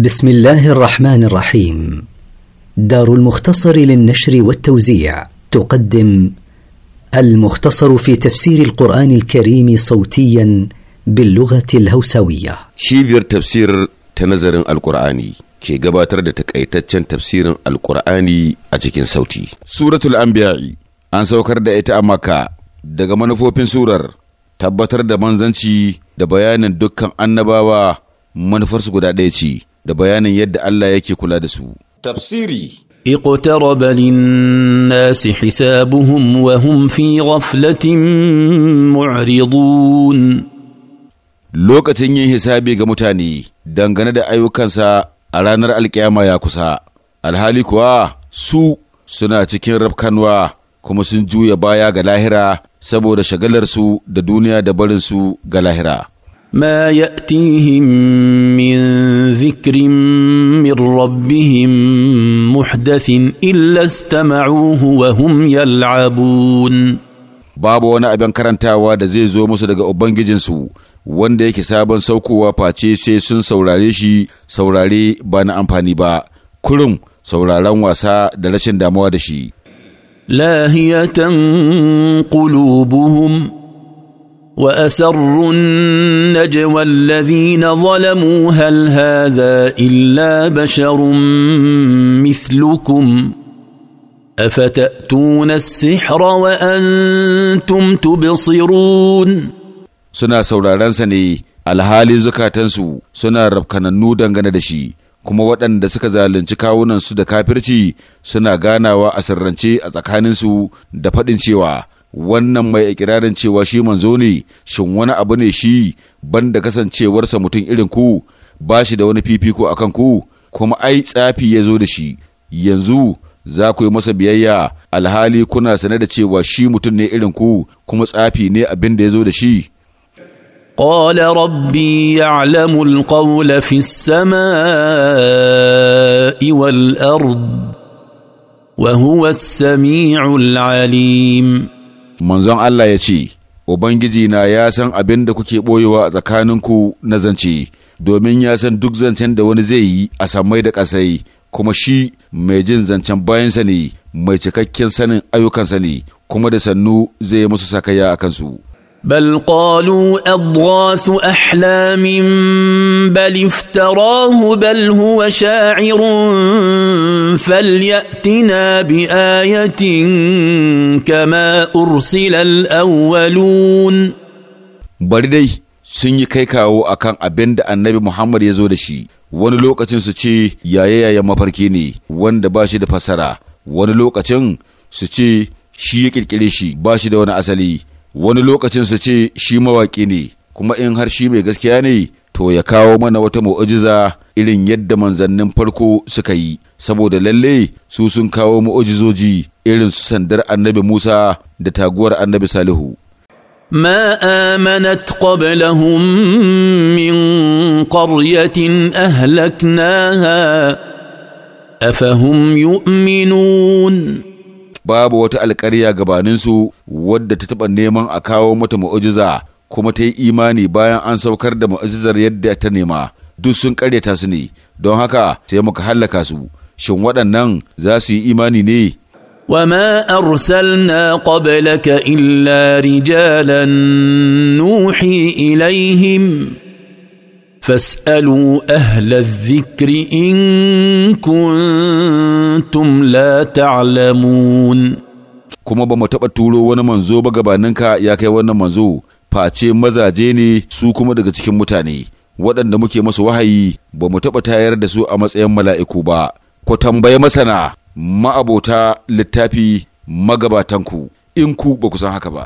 بسم الله الرحمن الرحيم دار المختصر للنشر والتوزيع تقدم المختصر في تفسير القرآن الكريم صوتيا باللغة الهوسوية شيفير تفسير تنزر القرآني كي قباتر تكأيتتشن تفسير القرآني أتكين صوتي سورة الأنبياء أنسى وكرد أمكا daga manufofin surar tabbatar da manzanci da bayanin dukkan annabawa manufarsu guda ɗaya da bayanin yadda Allah yake kula da su. Tafsiri اقترب للناس حسابهم وهم في غفلة معرضون lokacin yin hisabi ga mutane dangane da ayyukansa a ranar alkiyama ya kusa alhali kuwa su suna cikin rafkanwa kuma sun juya baya ga lahira saboda shagalarsu da duniya da barinsu ga lahira ما ياتيهم من ذكر من ربهم محدث الا استمعوه وهم يلعبون babu wani abin karantawa da zai zo musu daga ubangijinsu wanda yake sabon saukowa face sai sun saurare shi saurare ba na amfani ba kurum sauraron wasa da rashin damuwa da shi lahiyatan qulubuhum واسروا النجوى الذين ظلموا هل هذا الا بشر مثلكم افتاتون السحر وانتم تبصرون suna saurarensa ne alhali zukatansu suna rafkanannu dangane da shi kuma waɗanda suka zalunci kawunansu da kafirci suna ganawa a sirrance a tsakaninsu da faɗin cewa wannan mai ikirarin cewa shi manzo ne shin wani abu ne shi banda kasancewarsa mutum irin ku ba shi da wani fifiko a ku kuma ai tsafi ya zo da shi yanzu za ku yi masa biyayya alhali kuna sane da cewa shi mutum ne irin ku kuma tsafi ne abin da ya zo da shi قال ربي يعلم القول في السماء والارض وهو السميع العليم manzon Allah ya ce, ubangiji na ya san abin da kuke ɓoyewa a tsakaninku na zance, domin ya san duk zancen da wani zai yi a samai da ƙasai, kuma shi mai jin zancen bayansa ne, mai cikakken sanin ayyukansa ne, kuma da sannu zai yi musu sakaya a kansu. بل قالوا اضغاث احلام بل افتراه بل هو شاعر فلياتنا بايه كما ارسل الاولون bari dai sun yi kai kawo akan abin da annabi muhammad ya zo da shi wani lokacin su ce yaye yayen mafarki ne wanda ba shi da fassara wani lokacin su ce shi ya ƙirƙire shi ba shi da wani asali wani lokacin su ce shi mawaƙi ne kuma in har shi mai gaskiya ne to ya kawo mana wata mu'ujiza irin yadda manzannin farko suka yi saboda lalle su sun kawo mu'ujizoji irin su sandar annabi Musa da taguwar annabi Salihu ما امنت قبلهم من قريه اهلكناها afahum يؤمنون babu wata alƙarya gabaninsu wadda ta taɓa neman a kawo mata mu'ujiza kuma ta yi imani bayan an saukar da mu'ujizar yadda ta nema duk sun ƙaryata su ne don haka sai muka hallaka su shin waɗannan za su yi imani ne وما ارسلنا قبلك الا رجالا نوحي اليهم فاسالوا اهل الذكر ان كنتم لا تعلمون kuma ba mu taɓa turo wani manzo ba gabaninka ya kai wannan manzo face mazaje ne su kuma daga cikin mutane waɗanda muke masu wahayi ba mu taɓa tayar da su a matsayin mala'iku ba ku tambayi masana ma'abota littafi magabatanku in ku ba ku san haka ba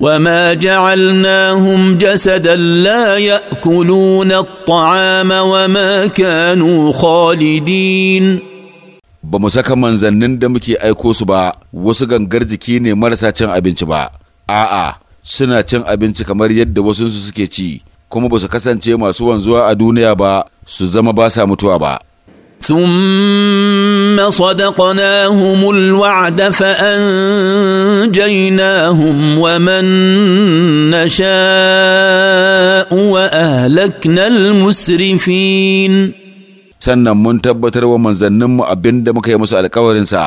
وما جعلناهم جسدا لا ياكلون الطعام وما كانوا خالدين ba mu saka manzannin da muke aiko su ba wasu gangar jiki ne marasa cin abinci ba a'a suna cin abinci kamar yadda wasunsu suke ci kuma ba su kasance masu wanzuwa a duniya ba su zama ba sa mutuwa ba ثم صدقناهم الوعد فانجيناهم ومن نشاء واهلكنا المسرفين sannan mun tabbatar wa manzanninmu abin da muka yi musu alkawarinsa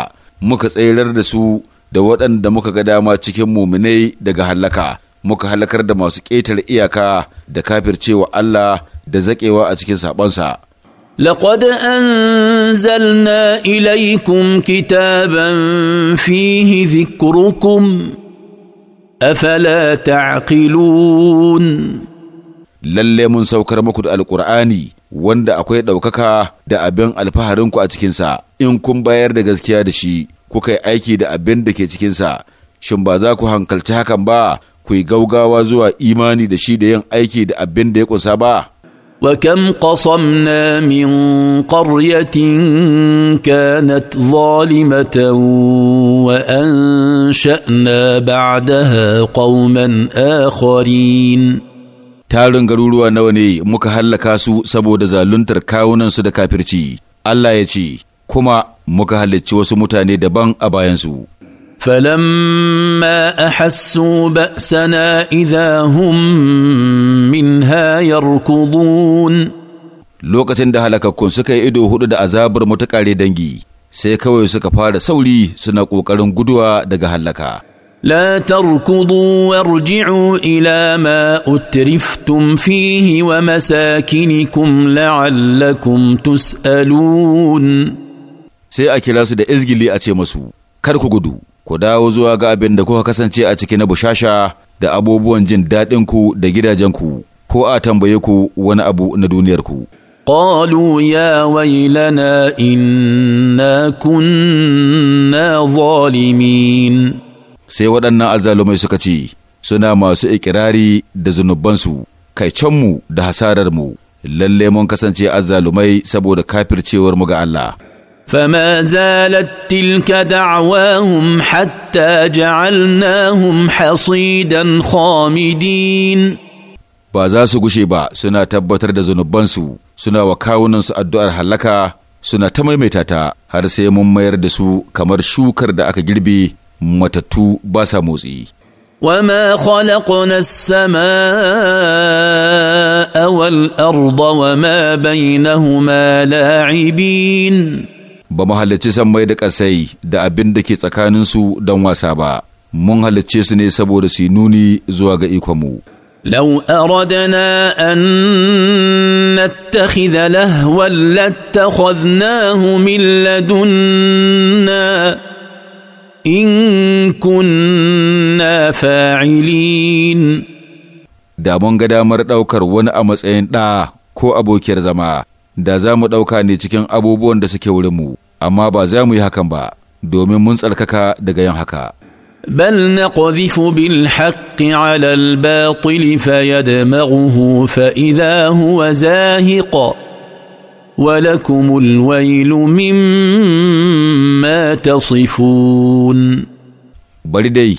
muka tserar da su da waɗanda muka ga dama cikin muminai daga hallaka muka halakar da masu ƙetare iyaka da kafircewa Allah da zaƙewa a cikin saɓonsa. لقد انزلنا اليكم كتابا فيه ذكركم افلا تعقلون lalle mun saukar muku da alkur'ani wanda akwai ɗaukaka da abin alfaharinku a cikinsa in kun bayar da gaskiya da shi kuka yi aiki da abin da ke cikinsa shin ba za ku hankalci hakan ba ku yi gaugawa zuwa imani da shi da yin aiki da abin da ya ƙunsa ba وكم قصمنا من قريه كانت ظالمه وانشانا بعدها قوما اخرين tarin garuruwa nawa ne muka hallaka su saboda zaluntar kawunansu da kafirci Allah ya ce kuma muka halicci wasu mutane daban a bayansu فلما احسوا باسنا اذا هم منها يركضون lokacin da halakakkun suka yi ido hudu da azabar mutakare dangi sai kawai suka fara sauri suna ƙoƙarin guduwa daga hallaka لا تركضوا وارجعوا الى ما wa فيه ومساكنكم لعلكم تسالون sai a kira su da izgili a ce masu kar ku gudu ku dawo zuwa ga abin da kuka kasance a ciki na bushasha da abubuwan jin daɗinku da gidajenku ko a tambaye ku wani abu na duniyarku. ya يا ويلنا إنا kunna zalimin. sai waɗannan azzalumai suka ce suna masu ikirari da zunubansu kai canmu da hasararmu lalle mun kasance azzalumai saboda kafircewar mu ga Allah فما زالت تلك دعواهم حتى جعلناهم حصيدا خامدين ba za su gushe ba suna tabbatar da zunubansu suna wa kawunansu addu'ar hallaka suna ta maimaita ta har sai mun mayar da su kamar shukar da aka girbe matattu ba sa motsi. وما خلقنا السماء والأرض وما بينهما لاعبين ba mu halicci sammai da ƙasai da abin da ke su don wasa ba, mun halicce su ne saboda su nuni zuwa ga ikonmu. لو أردنا أن نتخذ لهوا لاتخذناه من لدنا إن كنا فاعلين da mun ga damar ɗaukar wani a matsayin ɗa ko abokiyar zama da za mu ɗauka ne cikin abubuwan da suke wurin mu. amma ba za mu yi hakan ba domin mun tsarkaka daga yin haka بل نقذف بالحق على الباطل فيدمغه فإذا هو زاهق ولكم الويل مما تصفون bari dai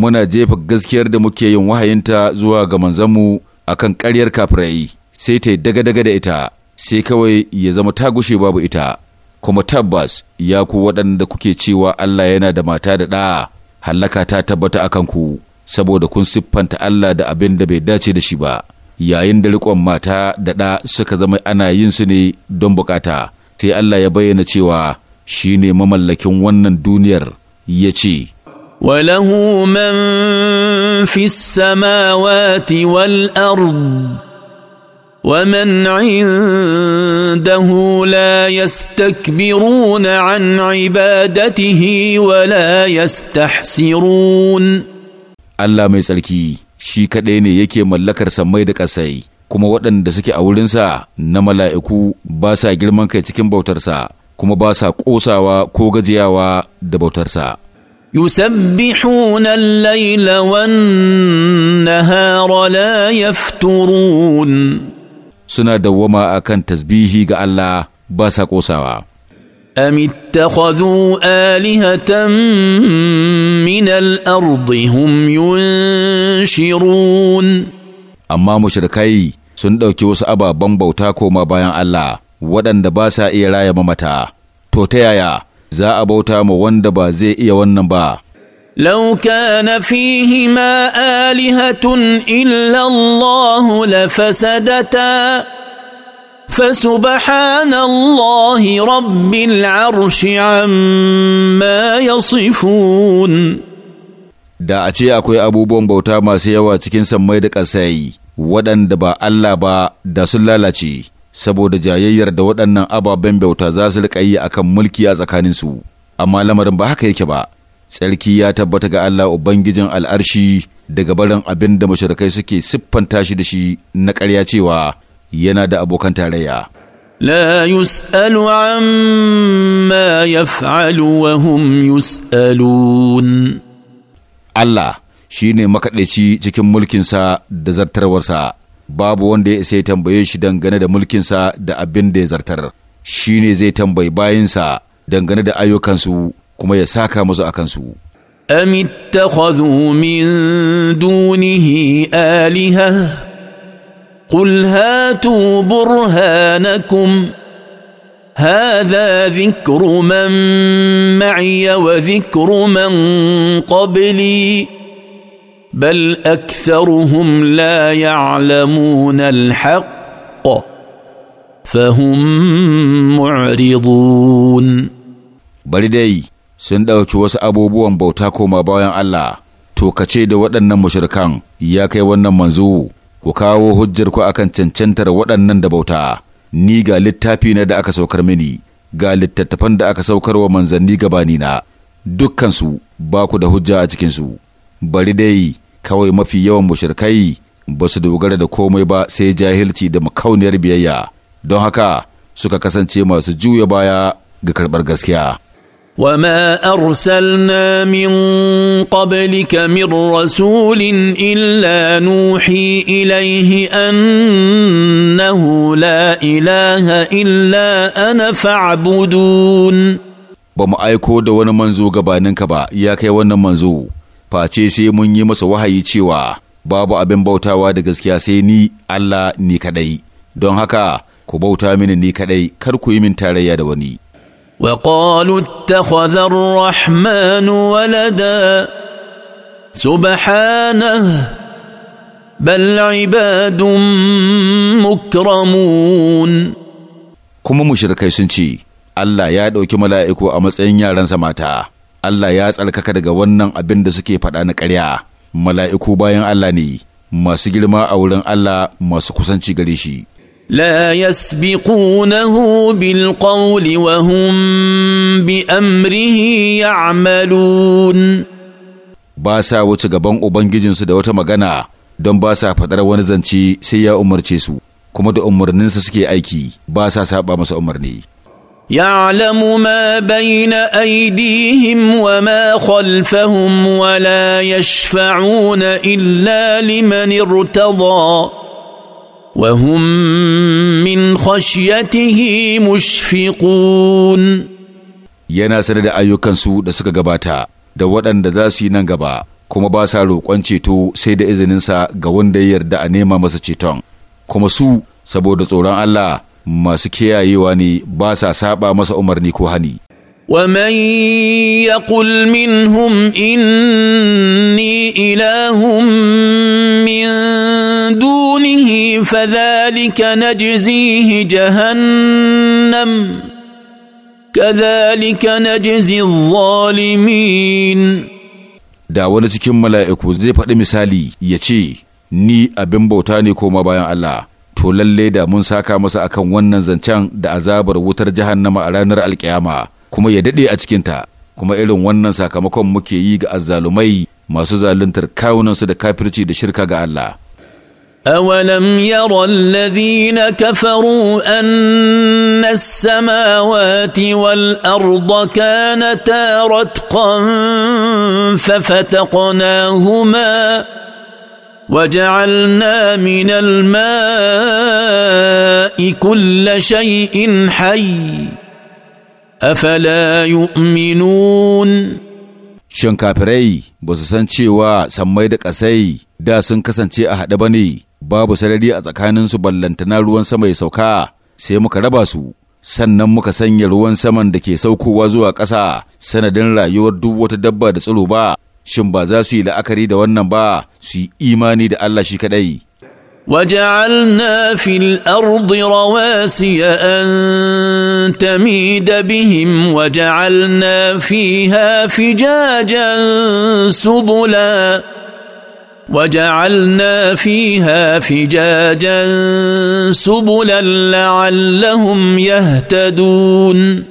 muna jefa gaskiyar da muke yin wahayinta zuwa ga manzanmu akan ƙaryar kafirai sai ta yi daga-daga da ita sai kawai ya zama ta gushe babu ita kuma tabbas ya ku waɗanda kuke cewa Allah yana da mata da ɗa hallaka ta tabbata akan ku saboda kun siffanta Allah da abin da bai dace da shi ba yayin da riƙon mata da ɗa suka zama ana yin su ne don bukata sai Allah ya bayyana cewa shi ne mamallakin wannan duniyar ya ce walahu من في السماوات والأرض ومن عنده لا يستكبرون عن عبادته ولا يستحسرون Allah mai tsarki shi kaɗai ne yake mallakar sammai da ƙasai kuma waɗanda suke a wurinsa na mala'iku ba sa girman kai cikin bautarsa kuma ba sa ƙosawa ko gajiyawa da bautarsa. يسبحون الليل والنهار لا يفترون suna dawwama a kan tasbihi ga Allah ba sa ƙosawa. أم اتخذوا آلهة من الأرض هم ينشرون أما مشركي sun ɗauki wasu ababen bauta koma bayan Allah waɗanda ba sa iya raya mamata, to ta yaya za a bauta ma wanda ba zai iya wannan ba. لو كان فيهما آلهة إلا الله لفسدتا فسبحان الله رب العرش عما يصفون da a ce akwai abubuwan bauta masu yawa cikin sammai da ƙasai waɗanda ba Allah ba da sun lalace saboda jayayyar da waɗannan ababen bauta za su riƙa yi akan mulki a tsakaninsu amma lamarin ba haka yake ba tsarki ya tabbata ga Allah Ubangijin al'arshi daga barin abin da mashirkai suke siffanta shi da shi na karya cewa yana da abokan tarayya. La لا ya fa’alu wa وهم yus'alun. Allah shi ne makaɗaici cikin mulkinsa da zartarwarsa babu wanda ya isa ya tambaye shi dangane da mulkinsa da abin da ya zartar shi ne zai tambayi bayansa dangane da ayyukansu kuma ya saka musu a kansu. أم اتخذوا من دونه آلهة قل هاتوا برهانكم هذا ذكر من معي وذكر من قبلي بل اكثرهم لا يعلمون الحق فهم معرضون دي sun ɗauki wasu abubuwan bauta koma bayan Allah to ka ce da waɗannan mashirkan ya kai wannan manzu ku kawo hujjar ku akan cancantar waɗannan da bauta ni ga littafi na da aka saukar mini ga littattafan da aka saukar wa manzanni gabani na dukkansu ba ku da hujja a cikinsu bari dai kawai mafi yawan mashirkai ba su dogara da komai ba sai jahilci da makauniyar biyayya don haka suka kasance masu juya baya ga karɓar gaskiya وما ارسلنا من قبلك من رسول الا نوحي اليه انه لا اله الا انا فاعبدون ba mu aiko da wani manzo gabaninka ba ya kai wannan manzo face sai mun yi masa wahayi cewa babu abin bautawa da gaskiya sai ni Allah ni kadai don haka ku bauta mini ni kadai kar ku yi min tarayya da wani وقالوا اتخذ الرحمن ولدا سبحانه بل عباد مكرمون kuma mushrikai sun ce Allah ya ɗauki mala'iku a matsayin yaransa mata Allah ya tsarkaka daga wannan abin da suke faɗa na karya, mala'iku bayan Allah ne masu girma a wurin Allah masu kusanci gare shi لا يسبقونه بالقول وهم بأمره يعملون ba sa wuce gaban Ubangijinsu da wata magana don ba sa faɗar wani zance sai ya umarce su, kuma da umarninsa suke aiki ba sa masa umarni. يعلم ما بين ايديهم وما خلفهم ولا يشفعون الا لمن ارتضى وهم من خشيته مشفقون yana sanar da ayyukansu da suka gabata da waɗanda za su yi nan gaba kuma ba sa roƙon ceto sai da izininsa ga wanda ya yarda a nema masa ceton kuma su saboda tsoron Allah masu kiyayewa ne ba sa saba masa umarni ko hani ومن يقل منهم إني إله من دون دونه فذلك نجزيه جهنم كذلك نجزي الظالمين da wani cikin mala'iku zai faɗi misali ya ce, Ni abin bauta ne koma bayan Allah, to lalle da mun saka masa akan wannan zancen da azabar wutar jahannama a ranar alkiyama kuma ya daɗe a cikinta, kuma irin wannan sakamakon muke yi ga azzalumai masu zaluntar kawunansu da kafirci da shirka ga Allah. أولم ير الذين كفروا أن السماوات والأرض كانتا رتقا ففتقناهما وجعلنا من الماء كل شيء حي أفلا يؤمنون شنكابري kafirai ba su أسي cewa sammai da ƙasai babu sarari a tsakanin su ballantana ruwan sama ya sauka sai muka raba su sannan muka sanya ruwan saman da ke saukowa zuwa ƙasa sanadin rayuwar duk wata dabba da tsiro ba shin ba za su yi la'akari da wannan ba su yi imani da Allah shi kaɗai. وجعلنا في الارض رواسي ان تميد بهم وجعلنا فيها فجاجا سبلا وجعلنا فيها فجاجا سبلا لعلهم يهتدون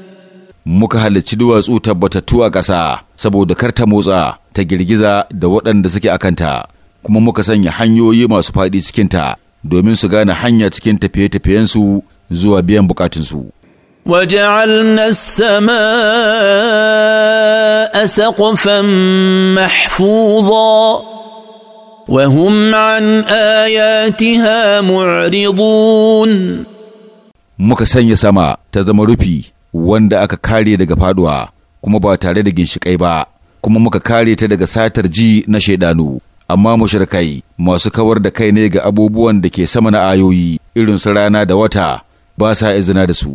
muka halarci duwatsu tabbatattu a ƙasa saboda kar ta motsa ta girgiza da waɗanda suke a kanta kuma muka sanya hanyoyi masu faɗi cikinta domin su gane hanya cikin tafiye-tafiyensu zuwa biyan bukatunsu. وجعلنا السماء سقفا محفوظا وهم عن آياتها معرضون muka sanya sama ta zama rufi wanda aka kare daga faduwa kuma ba tare da ginshiƙai ba kuma muka kare ta daga satar ji na shaidanu amma mushrikai masu kawar da kai ne ga abubuwan da ke sama na ayoyi irin su rana da wata ba sa izina da su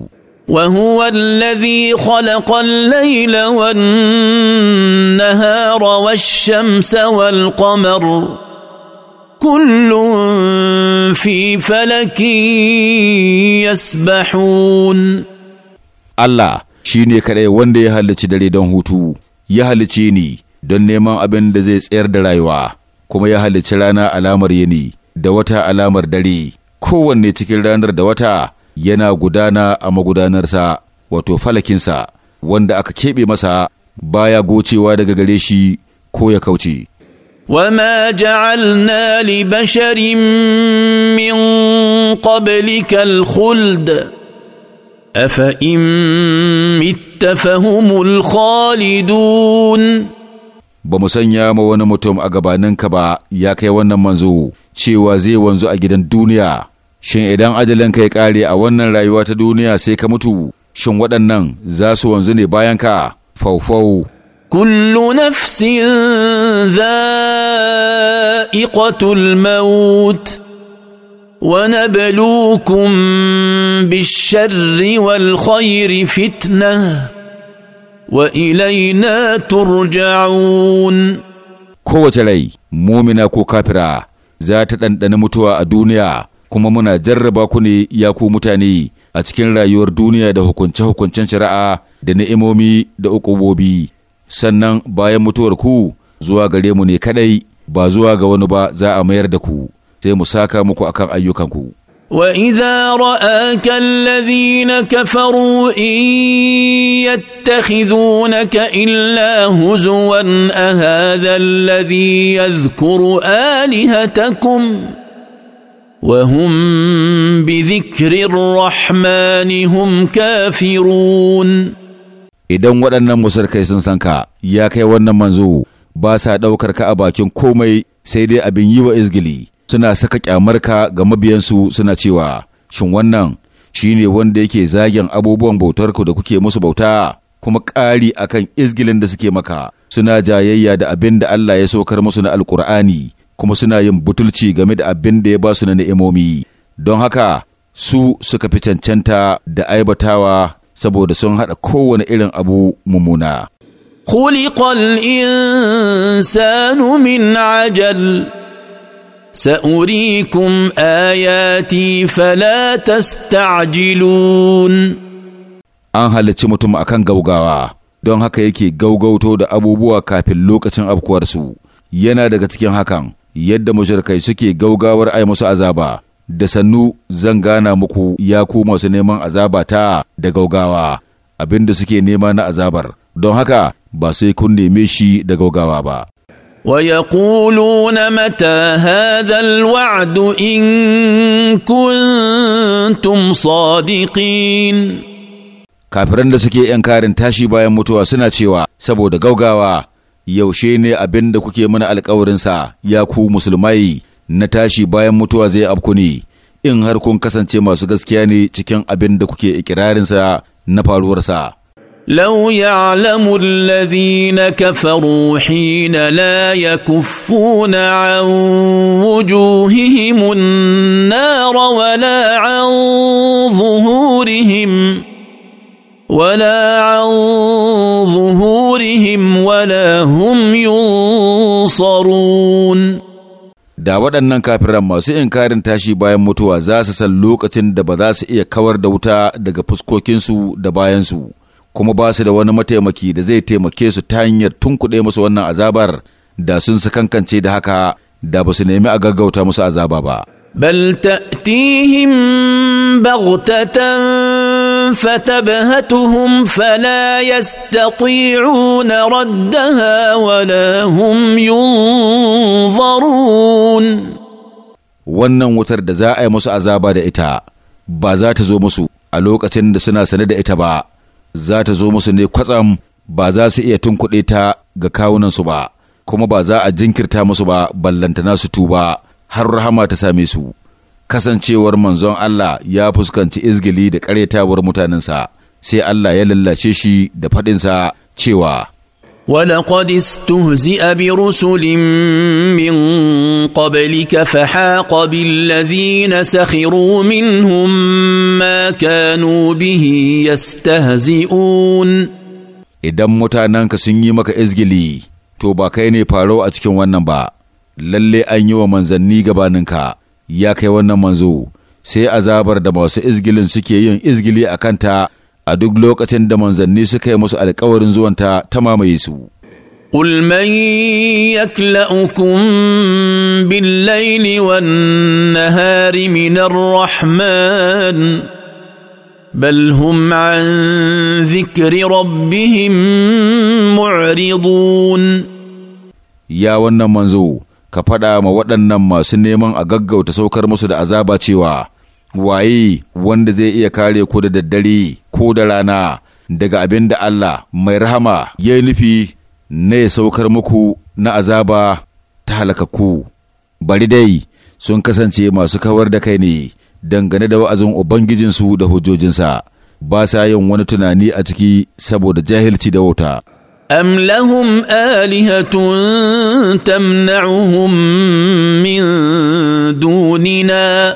وهو الذي خلق الليل والنهار والشمس والقمر كل في فلك يسبحون الله shine kadai wanda ya halicci dare don hutu ya halicce ni don neman abin da zai tsayar da rayuwa kuma ya halicci rana alamar yani da wata alamar dare kowanne cikin ranar da wata yana gudana a magudanar sa wato falakinsa wanda aka keɓe masa baya gocewa daga gare shi ko ya kauce وما جعلنا لبشر من قبلك الخلد افان مت فهم الخالدون ba mu sanya ma wani mutum a gabaninka ba ya kai wannan manzo cewa zai wanzu a gidan duniya shin idan ajalinka ya kare a wannan rayuwa ta duniya sai ka mutu shin waɗannan za su wanzu ne bayan ka faufau kullu nafsin ذائقة الموت ونبلوكم بالشر والخير فتنة وإلينا ترجعون kowace rai mumina ko kafira za ta ɗanɗana mutuwa a duniya kuma muna jarraba ku ne ya ku mutane a cikin rayuwar duniya da hukunce-hukuncen shari'a da ni'imomi da ukubobi sannan bayan mutuwar ku zuwa gare mu ne kadai ba zuwa ga wani ba za a mayar da ku sai mu saka muku akan ayyukanku واذا راك الذين كفروا ان يتخذونك الا هزوا اهذا الذي يذكر الهتكم وهم بذكر الرحمن هم كافرون idan waɗannan musarkai sun sanka ya kai wannan manzo ba sa ɗaukar ka a bakin komai sai dai abin yi wa izgili suna saka kyamarka ga mabiyansu suna cewa shin wannan shi ne wanda yake zagin abubuwan bautarku da kuke musu bauta kuma ƙari akan izgilin da suke maka suna jayayya da abin da Allah ya saukar musu na alkur'ani kuma suna yin butulci game da abin da ya ba su na ni'imomi don haka su suka fi cancanta da aibatawa saboda sun haɗa kowane irin abu mummuna خلق الانسان من عجل ساريكم اياتي فلا تستعجلون an halicci mutum akan gaugawa don haka yake gaugauto da abubuwa kafin lokacin afkuwarsu yana daga cikin hakan yadda mushrikai suke gaugawar ai musu azaba da sannu zan gana muku ya ku masu neman azaba ta da gaugawa abinda suke nema na azabar don haka ba sai kun neme shi da gaugawa ba. ويقولون متى هذا الوعد إن كنتم صادقين kafiran da suke ‘yankarin tashi bayan mutuwa suna cewa saboda gaugawa yaushe ne abin da kuke mana alkawarinsa ya ku musulmai na tashi bayan mutuwa zai afku ne in har kun kasance masu gaskiya ne cikin abin da kuke ikirarinsa na faruwarsa. لو يعلم الذين كفروا حين لا يكفون عن وجوههم النار ولا عن ظهورهم ولا عن ظهورهم ولا هم ينصرون da waɗannan kafiran masu inkarin tashi bayan mutuwa za su san lokacin da ba za su iya kawar da wuta daga fuskokinsu da bayansu kuma ba su da wani mataimaki da zai taimake su ta hanyar tunkuɗe musu wannan azabar da sun su kankance da haka da ba su nemi a gaggauta musu azaba ba. Bal ta'tihim baghtatan fatabhatuhum fala yastati'una raddaha wala hum yunzarun Wannan wutar da za a yi musu azaba da ita ba za ta zo musu a lokacin da suna sane da ita ba za ta zo musu ne kwatsam ba za su iya tunkuɗe ta ga kawunansu ba kuma ba za a jinkirta musu ba ballantana su tuba har rahama ta same su kasancewar manzon Allah ya fuskanci izgili da ƙaretawar mutanensa sai Allah ya lallace shi da faɗinsa cewa ولقد استهزئ برسل من قبلك فحاق بالذين سخروا منهم ما كانوا به يستهزئون idan mutanenka sun yi maka izgili to ba kai ne faro a cikin wannan ba lalle an yi wa manzanni gabaninka ya kai wannan manzo sai azabar da masu izgilin suke yin izgili a kanta a duk lokacin da manzanni suka yi musu alkawarin zuwanta ta mamaye su. قل من يكلأكم بالليل والنهار من الرحمن بل هم عن ذكر rabbihim معرضون ya wannan manzo ka faɗa ma waɗannan masu neman a gaggauta saukar musu da azaba cewa waye wanda zai iya kare ku da daddare ko da rana daga abin da Allah mai rahama ya yi nufi na ya saukar muku na azaba ta halakakku bari dai sun kasance masu kawar da kai ne dangane da wa'azin Ubangijinsu da hujjojinsa ba sa yin wani tunani a ciki saboda jahilci da wauta. أم لهم آلهة تمنعهم من دوننا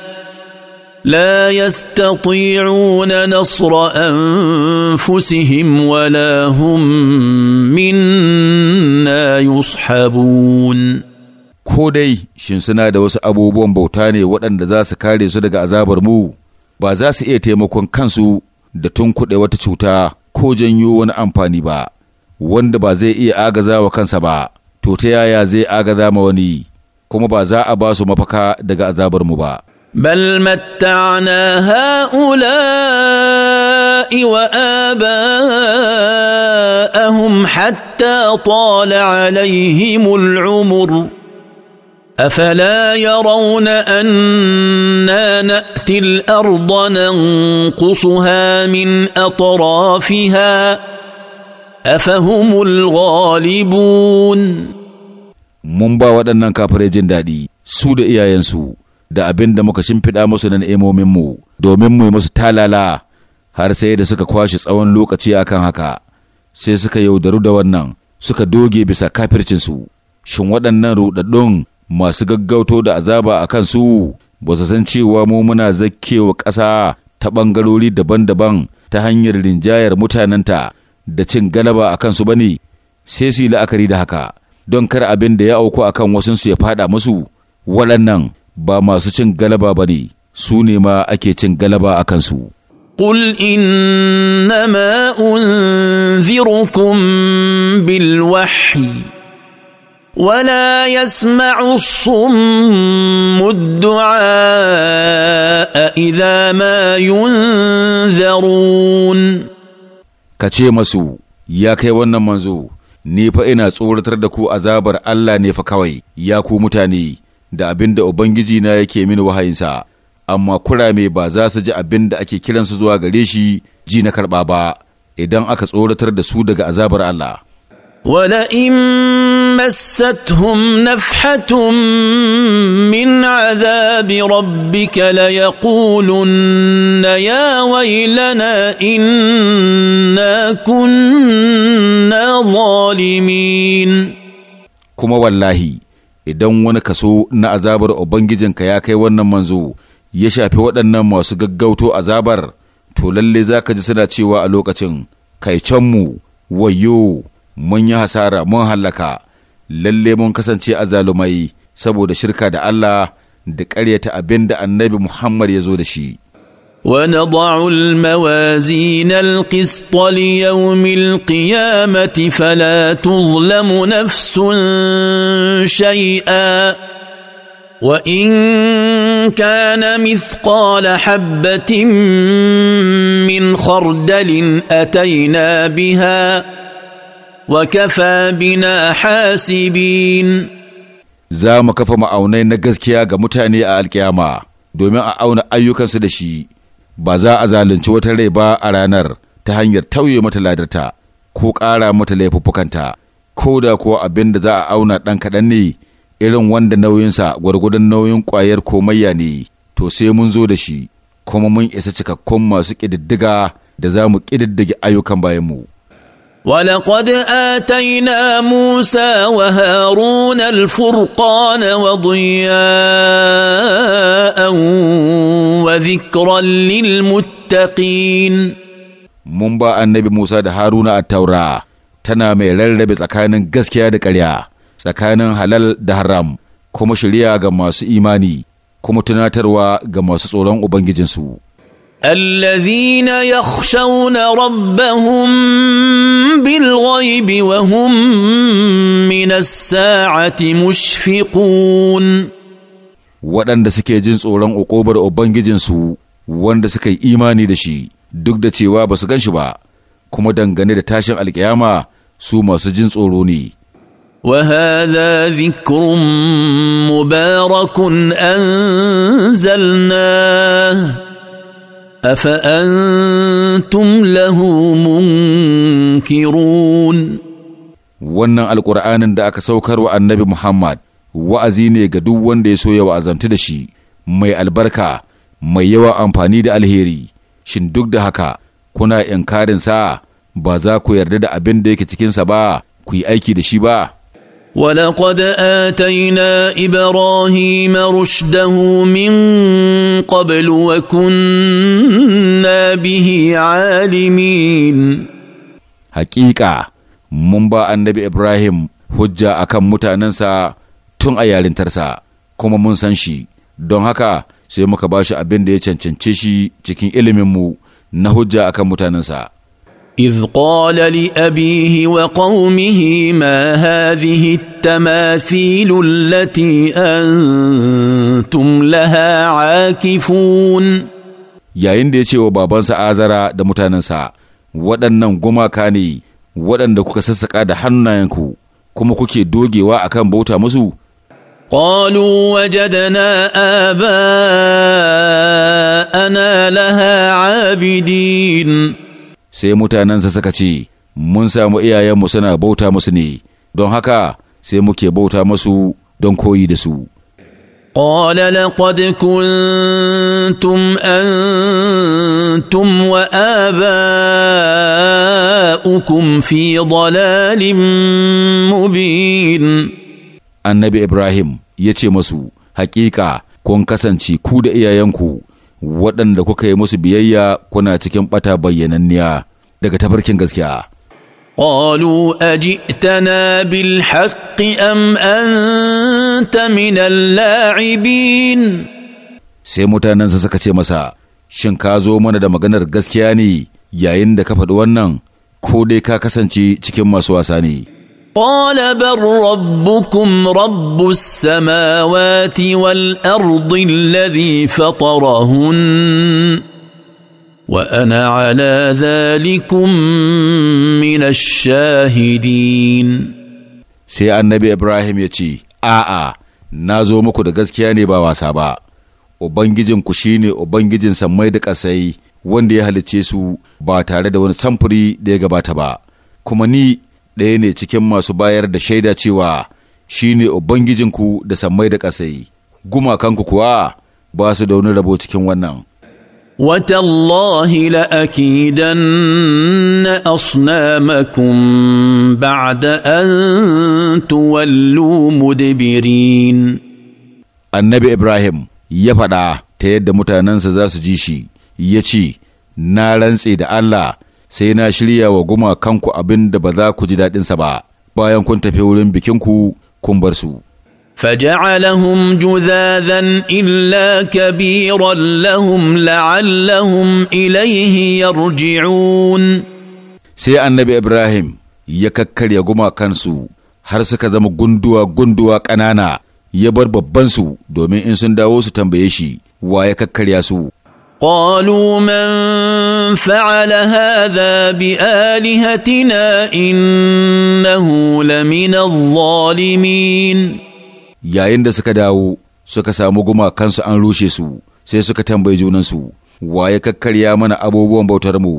لا يستطيعون نصر انفسهم ولا هم منا يصحبون ko dai shin suna da wasu abubuwan bauta ne waɗanda za su kare su daga azabar mu ba za su iya taimakon kansu da tunkuɗe wata cuta ko janyo wani amfani ba wanda ba zai iya agaza wa kansa ba to ta yaya zai agaza ma wani kuma ba za a ba su mafaka daga azabar mu ba بل متعنا هؤلاء واباءهم حتى طال عليهم العمر افلا يرون انا ناتي الارض ننقصها من اطرافها افهم الغالبون ممبا ودنا waɗannan جندادي سود daɗi ينسو da abin da muka shimfiɗa musu da mu. domin mu yi musu talala har sai da suka kwashe tsawon lokaci akan haka sai suka yaudaru da wannan suka doge bisa kafircinsu shin waɗannan ruɗaɗɗun masu gaggauto da azaba a kansu ba su san cewa mu muna zakkewa ƙasa ta ɓangarori daban-daban ta hanyar rinjayar mutanenta da cin galaba a kansu ba ne sai su yi la'akari da haka don kar abin da ya auku a kan wasunsu ya faɗa musu waɗannan ba masu cin galaba ba ne, su ne ma ake cin galaba a kansu. قل انما انذركم بالوحي ولا يسمع الصم الدعاء اذا ما ينذرون kace masu ya kai wannan manzo ni fa ina tsoratar da ku azabar Allah ne fa kawai ya ku mutane da abin da Ubangiji na yake mini wahayinsa, amma kurame ba za su ji abin da ake kiransu zuwa gare shi ji na karɓa ba, idan aka tsoratar da su daga azabar Allah. ولئن مستهم نفحة من عذاب ربك ليقولن يا ويلنا إنا كنا ظالمين كما والله idan wani kaso na azabar Ubangijinka ya kai wannan manzo, ya shafi waɗannan masu gaggauto azabar, to lalle za ka ji suna cewa a lokacin, kai canmu wayo, mun yi hasara, mun hallaka, lalle mun kasance a zalumai saboda shirka da Allah da ƙaryata abin da annabi Muhammad ya zo da shi. ونضع الموازين القسط ليوم القيامه فلا تظلم نفس شيئا وان كان مثقال حبه من خردل اتينا بها وكفى بنا حاسبين za mu kafa ma'aunai na gaskiya ga mutane a alkiyama domin a auna ayyukansu da shi ba za a zalunci wata rai ba a ranar ta hanyar tauye mata ladarta ko ƙara mata laifuffukanta ko da ko abin da za a auna ɗan kaɗan ne irin wanda nauyinsa gwargwadon nauyin ƙwayar komayya ne to sai mun zo da shi kuma mun isa cikakkun masu ƙididdiga da za mu ƙididdige ayyukan bayanmu. ولقد اتينا موسى وهارون الفرقان وضياء وذكرا للمتقين mun ba annabi Musa da Haruna a taura tana mai rarrabe tsakanin gaskiya da ƙarya tsakanin halal da haram kuma shirya ga masu imani kuma tunatarwa ga masu tsoron Ubangijinsu. الذين يخشون ربهم بالغيب وهم من الساعة مشفقون waɗanda suke jin tsoron uƙobar Ubangijinsu wanda suka yi imani da shi duk da cewa ba su gan shi ba, kuma dangane da tashin alƙiyama su masu jin tsoro ne. وهذا ذكر مبارك أنزلناه أفأنتم له منكرون wannan alƙur'anin da aka saukar wa annabi Muhammad wa'azi ne ga duk wanda ya so ya wa'azantu da shi mai albarka mai yawan amfani da alheri shin duk da haka kuna inkarin sa ba za ku yarda da abin da yake cikinsa ba ku yi aiki da shi ba ولقد اتينا ابراهيم رشده من قبل وكنا به عالمين حقيقه mun ba annabi ibrahim hujja akan mutanensa tun a yarintarsa kuma mun san shi don haka sai muka ba shi abin da ya cancance shi cikin iliminmu na hujja akan mutanensa اذ Abihi wa ƙaumihi ما هذه التماثيل التي انتم لها عاكفون yayin da ya ce wa babansa azara da mutanensa waɗannan gumaka ne waɗanda kuka sassaƙa da hannayenku kuma kuke dogewa akan bauta musu قالوا وجدنا آباءنا لها عابدين sai mutanensa suka ce, Mun samu iyayenmu suna bauta musu ne, don haka sai muke bauta musu don koyi da su. قال لقد كنتم انتم fi في ضلال مبين annabi ibrahim ya ce masu hakika kun kasance ku da iyayenku waɗanda kuka yi musu biyayya kuna cikin ɓata bayyananniya daga tafarkin gaskiya. قالوا أجئتنا بالحق أم أنت من اللاعبين sai mutanensa suka ce masa, Shin ka zo mana da maganar gaskiya ne yayin da ka faɗi wannan, ko dai ka kasance cikin masu wasa ne. قال بل ربكم رب السماوات والارض الذي فطرهن وانا على ذلكم من الشاهدين sai annabi ibrahim ya ce a'a na zo muku da gaskiya ne ba wasa ba ubangijinku shine ubangijin mai da ƙasai wanda ya halicce su ba tare da wani samfuri da ya gabata ba kuma ni ɗaya ne cikin masu bayar da shaida cewa shi ne Ubangijinku da sammai da ƙasai, gumakanku kuwa ba su da wani rabo cikin wannan. na an Annabi Ibrahim ya faɗa ta yadda mutanensa za su ji shi, ya ce, Na rantse da Allah, sai na shirya wa gumakanku abin da ba za ku ji daɗinsa ba bayan kun tafi wurin bikinku kun bar su. faja'alahum juzazan illa كبيرا لهم لعلهم ilaihi yarji'un sai annabi Ibrahim ya guma kansu har suka zama gunduwa gunduwa ƙanana ya bar babbansu domin in sun dawo su tambaye shi wa ya kakarya su. قالوا من فعل هذا بالهتنا انه لمن الظالمين yayin da suka dawo suka samu gumakansu an rushe su sai suka tambayi junansu wa ya kakkarya mana abubuwan bautar mu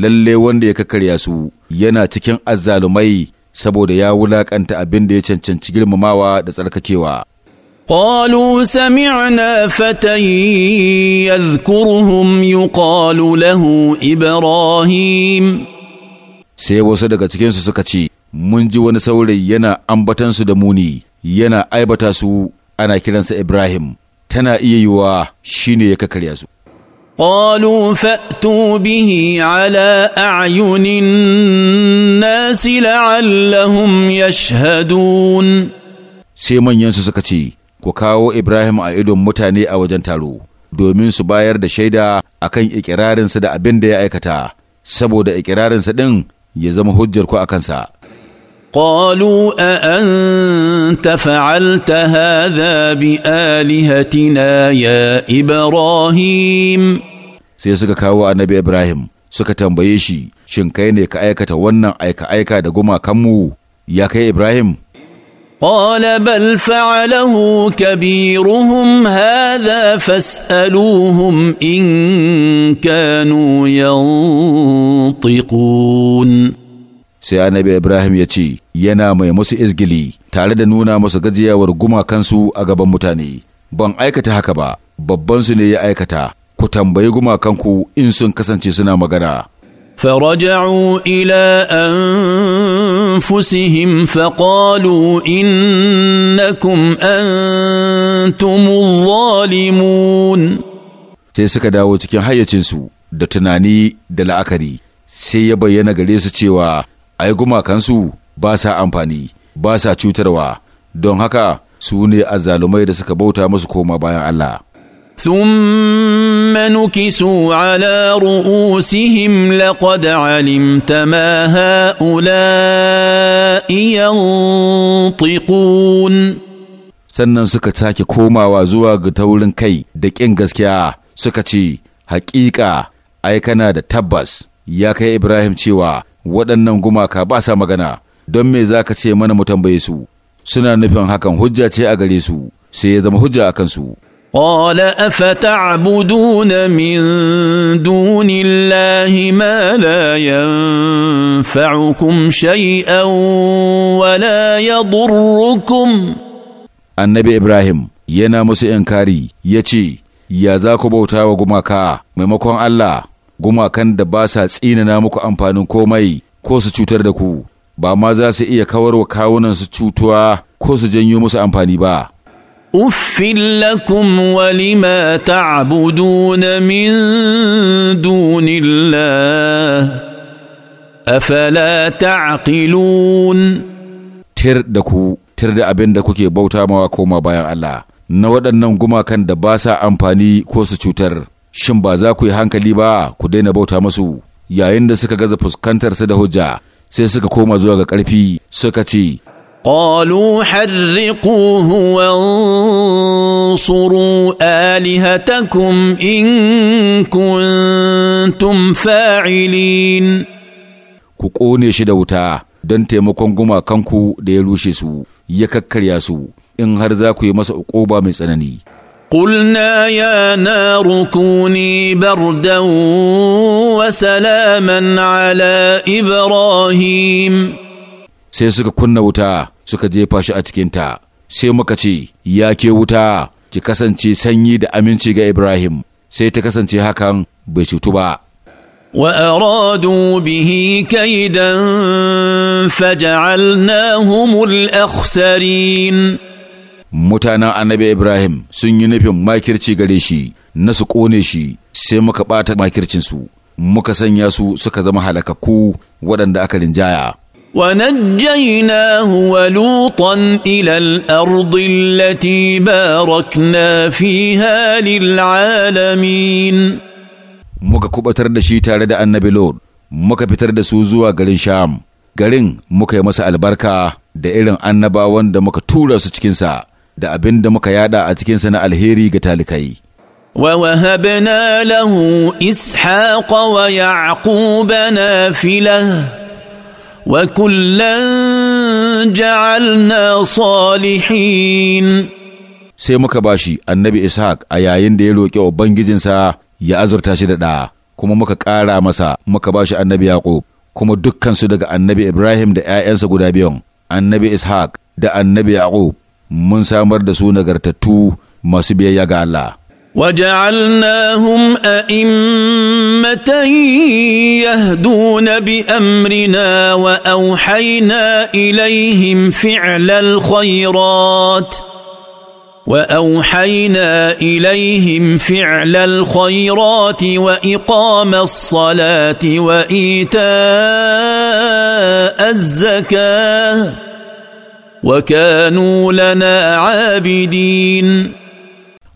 lalle wanda ya kakkarya su yana cikin azzalumai saboda ya wulakanta abin da ya cancanci girmamawa da tsarkakewa قالوا سمعنا فتى يذكرهم يقال له ابراهيم sai wasu daga cikinsu suka ce mun ji wani saurayi yana ambatansu da muni yana aibata su ana kiransa ibrahim tana iya yiwa shine ya kakarya su قالوا فاتوا به على اعين الناس لعلهم يشهدون sai manyansu suka ce ku kawo Ibrahim a idon mutane a wajen taro, domin su bayar da shaida a kan ikirarinsa da abin da ya aikata, saboda ikirarinsa ɗin ya zama hujjar ku a kansa. قالوا أأنت فعلت bi alihatina ya Ibrahim. sai suka kawo annabi Ibrahim suka tambaye shi shin kai ne ka aikata wannan aika aika da gumakanmu ya kai Ibrahim قال بل فعله كبيرهم هذا فاسالوهم ان كانوا ينطقون sai annabi ibrahim ya ce yana mai musu izgili tare da nuna musu gajiyawar gumakansu a gaban mutane ban aikata haka ba babbansu ne ya aikata ku tambayi gumakanku in sun kasance suna magana فرجعوا الى انفسهم فقالوا انكم انتم الظالمون sai suka dawo cikin hayyacinsu da tunani da la'akari sai ya bayyana gare su cewa ai gumakansu ba sa amfani ba sa cutarwa don haka su ne azzalumai da suka bauta musu koma bayan Allah ثم نكسوا على رؤوسهم لقد علمت ما هؤلاء ينطقون sannan suka sake komawa zuwa ga taurin kai da ƙin gaskiya suka ce haƙiƙa ai kana da tabbas ya kai ibrahim cewa waɗannan gumaka ba sa magana don me za ka ce mana mu tambaye su suna nufin hakan hujja ce a gare su sai ya zama hujja a kansu قال افتعبدون من دون الله ما لا ينفعكم شيئا ولا يضركم annabi ibrahim yana musu yankari, ya ce ya za ku bauta wa gumaka maimakon allah gumakan da ba sa tsinana muku amfanin komai ko su cutar da ku ba ma za su iya kawar wa kawunan su cutuwa ko su janyo musu amfani ba اف لكم ولما تعبدون من دون الله افلا تعقلون تر دكو tir da abin da kuke bauta mawa koma bayan Allah na waɗannan gumakan da ba sa amfani ko su cutar shin ba za ku yi hankali ba ku daina bauta masu yayin da suka gaza fuskantarsa da hujja sai suka koma zuwa ga ƙarfi suka ce قالوا حرقوه وانصروا الهتكم ان كنتم فاعلين كوكوني شدوتا دنتي مكونغوما كانكو ديلوشيسو يككرياسو ان هرزاكو يمس عقوبة من قلنا يا نار كوني بردا وسلاما على ابراهيم sai suka kunna wuta suka jefa shi a cikinta sai muka ce ya ke wuta ki kasance sanyi da aminci ga Ibrahim sai ta kasance hakan bai cutu ba وأرادوا kaidan كيدا فجعلناهم الأخسرين mutanen annabi Ibrahim sun yi nufin makirci gare shi na su kone shi sai muka ɓata makircinsu muka sanya su suka zama halakakku waɗanda aka rinjaya. ونجيناه ولوطا الى الارض التي باركنا فيها للعالمين muka kubatar da shi tare da annabi lord muka fitar da su zuwa garin sham garin muka yi masa albarka da irin annabawan da muka tura su cikinsa da abin da muka yada a cikinsa na alheri ga talikai ووهبنا له Yakuba ويعقوب نافله وكلا جعلنا صالحين sai muka bashi annabi ishaq a yayin da ya roƙi ubangijinsa ya azurta shi da ɗa kuma muka ƙara masa muka bashi annabi yaqub kuma dukkansu daga annabi ibrahim da 'ya'yansa guda biyan annabi ishaq da annabi yaqub mun samar da su nagartattu masu biyayya ga allah وجعلناهم ائمه يهدون بامرنا واوحينا اليهم فعل الخيرات واوحينا اليهم فعل الخيرات واقام الصلاه وايتاء الزكاه وكانوا لنا عابدين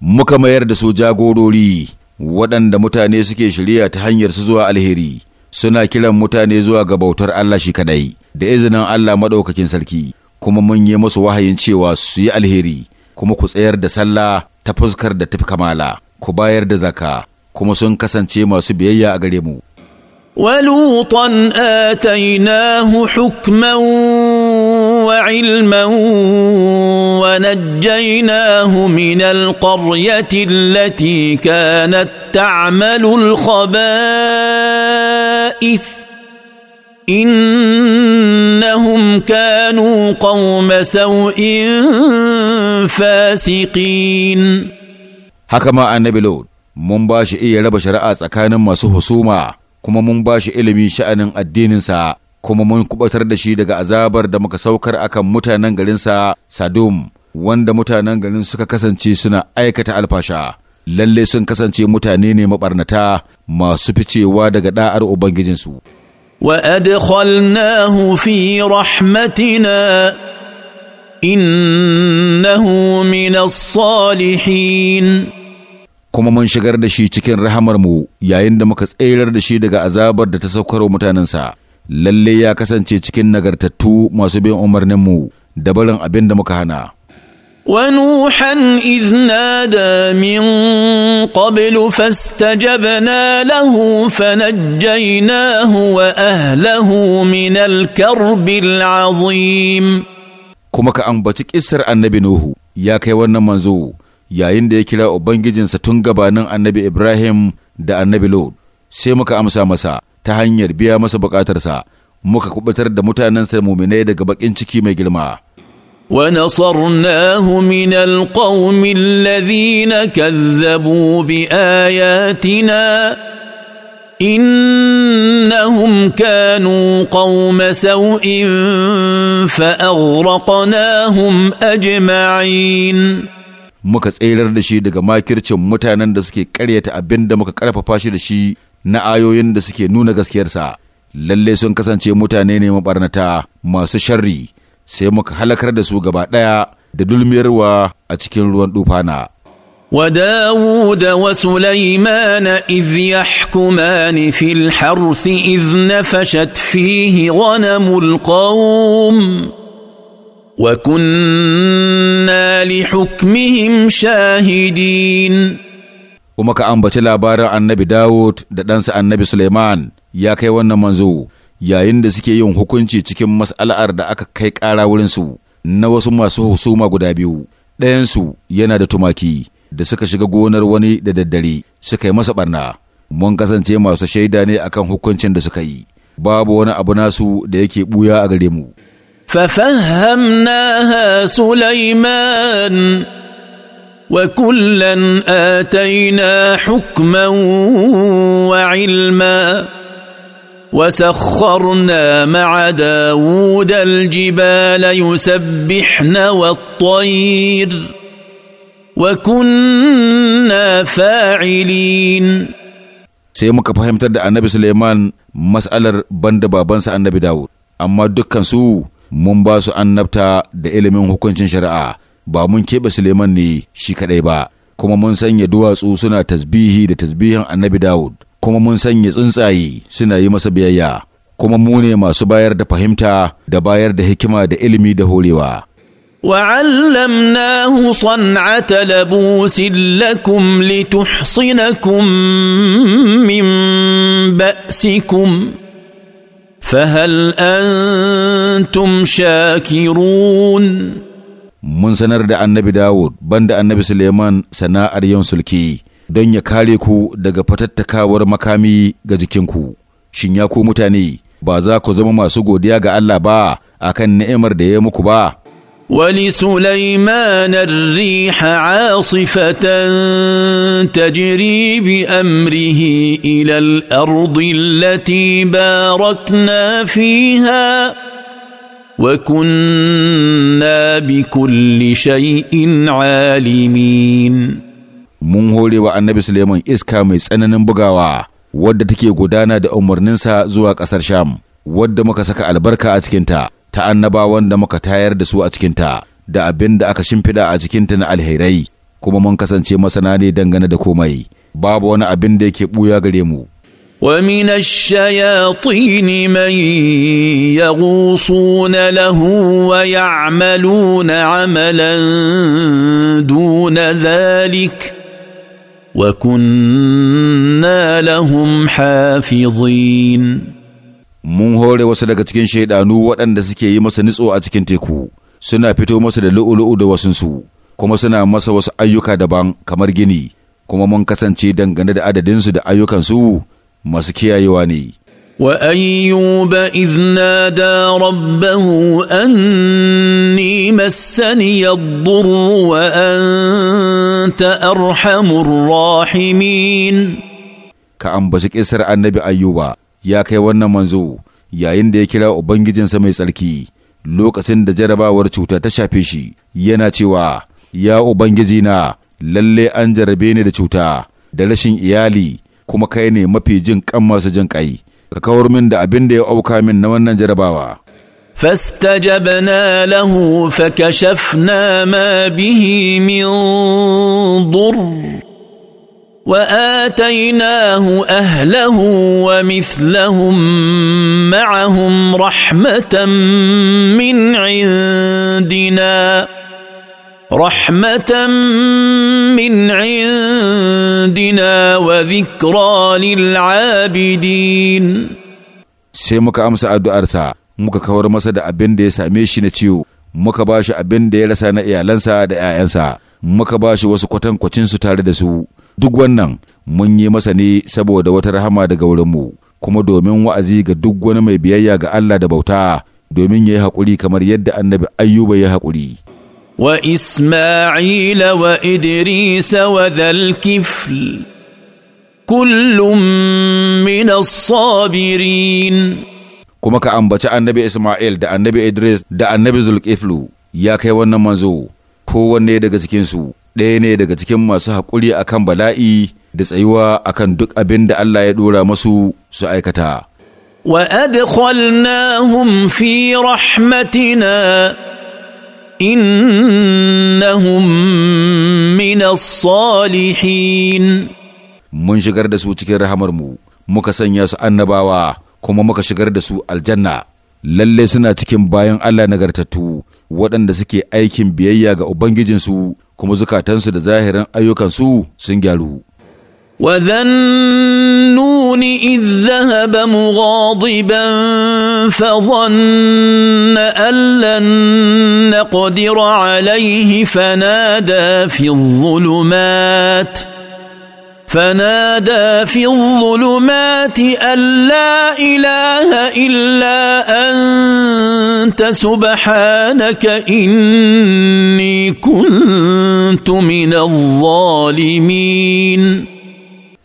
muka mayar da su jagorori waɗanda mutane suke shirya ta hanyar su zuwa alheri suna kiran mutane zuwa ga bautar Allah shi kadai da izinin Allah maɗaukakin sarki kuma mun yi musu wahayin cewa su yi alheri kuma ku tsayar da sallah ta fuskar da tafi kamala ku bayar da zaka kuma sun kasance masu biyayya a gare mu ولوطا اتيناه حكما وعلما ونجيناه من القرية التي كانت تعمل الخبائث إنهم كانوا قوم سوء فاسقين هكما النبي لود ممباشئ يا إيه رب شرعات أكان ما سوء سوما كما ممباشئ إلمي شأن الدين ساء kuma mun kubatar da shi daga azabar da muka saukar akan mutanen garinsa Sadum, wanda mutanen garin suka kasance suna aikata alfasha. Lalle sun kasance mutane ne maɓarnata masu ficewa daga ɗa'ar Ubangijinsu. وأدخلناه في رحمتنا إنه من الصالحين kuma mun shigar da shi cikin rahamarmu yayin da muka tserar da shi daga azabar da ta saukar wa mutanensa. lalle ya kasance cikin nagartattu masu bin umarninmu da barin abin da muka hana. ونوحا اذ نادى من lahu فاستجبنا له فنجيناه واهله من الكرب العظيم kuma ka ambaci kissar annabi Nuhu ya kai wannan manzo yayin da ya kira ubangijinsa tun gabanin annabi Ibrahim da annabi Lod sai muka amsa masa ta hanyar biya masa bukatarsa muka kubutar da mutanensa muminai daga bakin ciki mai girma ونصرناه من القوم الذين كذبوا باياتنا انهم كانوا قوم سوء فاغرقناهم اجمعين muka tsirar da shi daga makircin mutanen da suke ƙaryata abin da muka karfafa shi da shi na ayoyin da suke nuna gaskiyarsa lalle sun kasance mutane ne mabarnata masu sharri sai muka halakar da su gaba ɗaya da dulmiyarwa a cikin ruwan dufana وداود وسليمان إذ يحكمان في الحرث إذ نفشت فيه غنم القوم وكنا لحكمهم شاهدين kuma ka ambaci labarin annabi Dawud da ɗansa annabi Suleiman ya kai wannan manzo yayin da suke yin hukunci cikin mas'al'ar da aka kai ƙara wurinsu na wasu masu husuma guda biyu ɗayansu yana da tumaki da suka shiga gonar wani da daddare suka yi masa ɓarna mun kasance masu shaida ne akan hukuncin da suka yi babu wani abu nasu da yake ɓuya a gare mu ففهمناها سليمان وكلا اتينا حكما وعلما وسخرنا مع داود الجبال يسبحن والطير وكنا فاعلين sai muka fahimtar da annabi Suleiman mas'alar banda babansa annabi Dawud amma dukkan su mun ba su annabta da ilimin hukuncin shari'a ba mun keɓe Suleiman ne shi kaɗai ba, kuma mun sanya duwatsu suna tasbihi da tasbihin annabi Dawud, kuma mun sanya tsuntsaye suna yi masa biyayya, kuma mu ne masu bayar da fahimta da bayar da hikima da ilimi da horewa. وعلمناه صنعه لبوس لكم لتحصنكم من باسكم فهل انتم شاكرون mun sanar da annabi Dawud banda annabi Suleiman sana'ar yin sulki don ya kare ku daga fatattakawar makami ga jikinku. Shin ya ku mutane ba za ku zama masu godiya ga Allah ba akan ni'imar da ya muku ba. ولسليمان الريح عاصفة amrihi ilal إلى lati التي باركنا فيها وكنا بكل شيء عالمين mun hore wa annabi Suleiman iska mai tsananin bugawa wadda take gudana da umarninsa zuwa ƙasar Sham, wadda muka saka albarka a cikinta, ta annaba da muka tayar da su a cikinta, da abin da aka shimfiɗa a cikinta na alherai, kuma mun kasance masana ne dangane da komai, babu wani abin da yake ɓuya gare mu. ومن الشياطين من يغوصون له ويعملون عملا دون ذلك وكنا لهم حافظين mun hore wasu daga cikin shaidanu waɗanda suke yi masa nitso a cikin teku suna fito masa da lu'ulu'u da wasunsu kuma suna masa wasu ayyuka daban kamar gini kuma mun kasance dangane da adadinsu da ayyukansu masu kiyayewa ne وايوب اذ نادى ربه اني مسني an وانت ارحم rahimin. ka ambaci kisar annabi ayyuba ya kai wannan manzo yayin da ya kira ubangijinsa mai tsarki lokacin da jarabawar cuta ta shafe shi yana cewa ya ubangijina lalle an jarabe ni da cuta da rashin iyali kuma kai ne mafi jin kan masu jin ƙai ka kawar min da abin da ya auka min na wannan jarabawa فاستجبنا له فكشفنا ما به من ضر واتيناه اهله ومثلهم معهم رحمه من عندنا رحمه من عندنا وذكرى للعابدين sai muka amsa addu'arsa muka kawar masa da abin da ya same shi na ciwo muka ba shi abin da ya rasa na iyalansa da 'ya'yansa muka ba shi wasu kwatankwacinsu tare da su duk wannan mun yi masa ne saboda wata rahama daga wurinmu kuma domin wa'azi ga duk wani mai biyayya ga Allah da bauta domin ya yi haƙuri kamar yadda annabi ayyuba ya haƙuri واسماعيل وادريس وذا الكفل كل من الصابرين kuma ka ambaci annabi Ismail da annabi Idris da annabi Zulkiflu ya kai wannan manzo kowanne daga cikinsu ɗaya ne daga cikin masu haƙuri akan bala'i da tsayuwa akan duk abin da Allah ya ɗora masu su aikata. Wa adkhalnahum fi rahmatina innahum min salihin mun shigar da su cikin rahamarmu muka sanya su annabawa kuma muka shigar da su aljanna Lallai suna cikin bayan Allah nagartattu waɗanda suke aikin biyayya ga ubangijinsu kuma zukatansu da zahirin ayyukansu sun gyaru وذنون إذ ذهب مغاضبا فظن ان لن نقدر عليه فنادى في الظلمات فنادى في الظلمات ان لا اله الا انت سبحانك اني كنت من الظالمين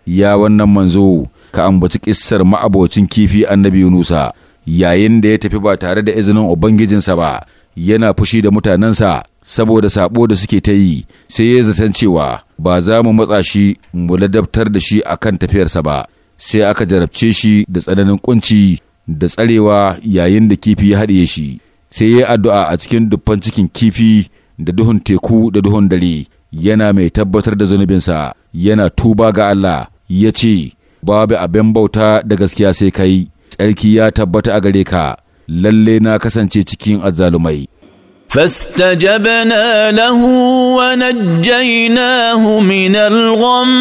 يا ونمنزو ka ambaci أبو تنكي في النبي نوسى yayin da ya tafi ba tare da izinin ubangijinsa ba yana fushi da mutanensa saboda sabo da suke ta yi sai ya zaton cewa ba za mu matsa shi mu ladabtar da shi a kan tafiyarsa ba sai aka jarabce shi da tsananin kunci da tsarewa yayin da kifi ya haɗiye shi sai ya addu'a a cikin dubban cikin kifi da duhun teku da duhun dare yana mai tabbatar da zunubinsa yana tuba ga Allah ya ce babu abin bauta da gaskiya sai kai tsarki ya tabbata a gare ka lalle na kasance cikin azzalumai فاستجبنا له ونجيناه من الغم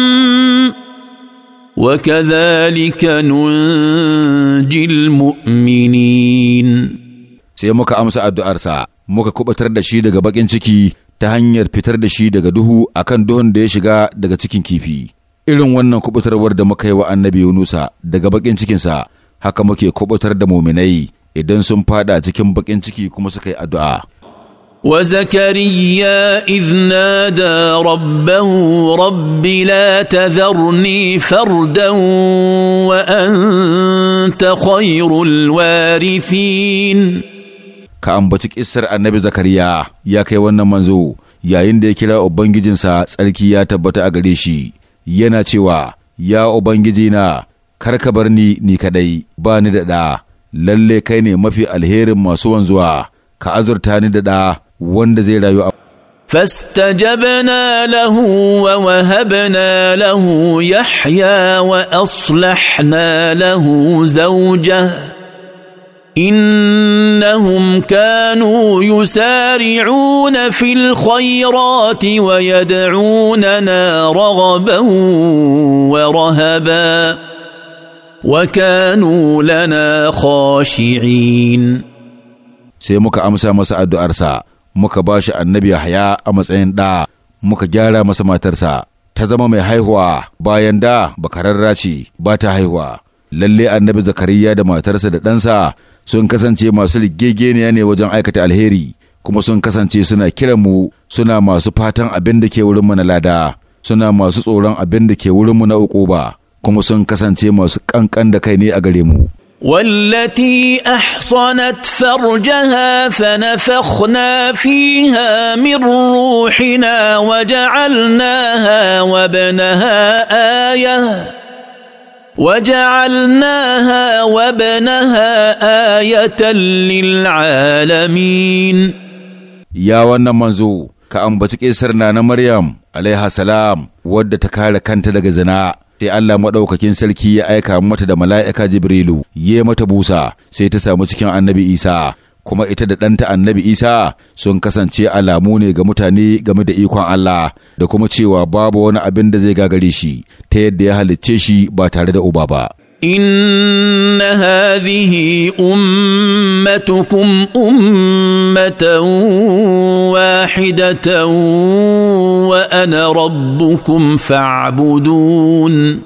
وكذلك ننجي المؤمنين sai muka amsa addu'arsa muka kubatar da shi daga bakin ciki ta hanyar fitar da shi daga duhu akan duhun da ya shiga daga cikin kifi irin wannan kubutarwar da muka yi wa annabi Yunusa daga bakin cikinsa haka muke kubutar da muminai idan sun fada cikin bakin ciki kuma suka yi addu'a وزكريا اذ نادى ربه رب لا تذرني an ta خير warithin. ka ambaci kissar annabi zakariya ya kai wannan manzo yayin da ya kira ubangijinsa tsarki ya tabbata a gare shi yana cewa ya ubangijina kar ka bar ni ni kadai ba ni da ɗa, lalle kai ne mafi alherin masu wanzuwa, ka azurta ni da ɗa wanda zai rayu a فاستجبنا له ووهبنا له يحيى واصلحنا له زوجه انهم كانوا يسارعون في الخيرات ويدعوننا رغبا ورهبا وكانوا لنا خاشعين sai muka amsa masa addu'arsa muka ba shi annabi Yahaya a matsayin ɗa muka gyara masa matarsa ta zama mai haihuwa bayan da bakararra ce ba ta haihuwa lalle annabi zakariya da matarsa da ɗansa sun kasance masu rigegeniya ne wajen aikata alheri kuma sun kasance suna kiran mu suna masu fatan abin da ke wurinmu na lada suna masu tsoron abin da ke wurinmu na uku ba kuma sun kasance masu ƙanƙan da kai ne a gare mu. والتي احصنت فرجها فنفخنا فيها من روحنا وجعلناها وابنها ايه وجعلناها وابنها ايه للعالمين يا wannan manzo ka ambaci kisar na na maryam alaiha salam wadda ta kare kanta daga zina sai Allah maɗaukakin sarki ya aika mata da mala'ika Jibrilu, ya mata busa, sai ta samu cikin annabi Isa, kuma ita da ɗanta annabi Isa sun kasance alamu ne ga mutane game da ikon Allah da kuma cewa babu wani abin da zai gagare shi ta yadda ya halicce shi ba tare da uba ba. ان هذه امتكم امه واحده وانا ربكم فاعبدون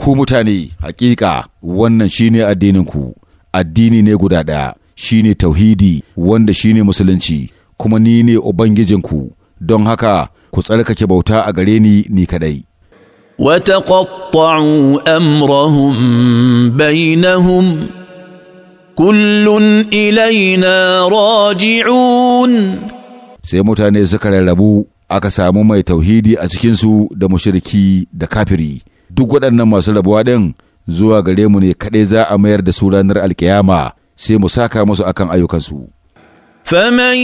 ku mutane hakika wannan shine addininku addini ne guda ɗaya shine tauhidi wanda shine musulunci kuma ni ne ubangijinku don haka ku tsarkake bauta a gare ni ni kadai وتقطعوا امرهم بينهم كل الينا راجعون sai mutane suka rarrabu aka samu mai tauhidi a cikinsu da mushiriki da kafiri duk waɗannan masu rabuwa ɗin zuwa gare mu ne kaɗai za a mayar da su ranar alkiyama sai mu saka musu akan ayyukansu فمن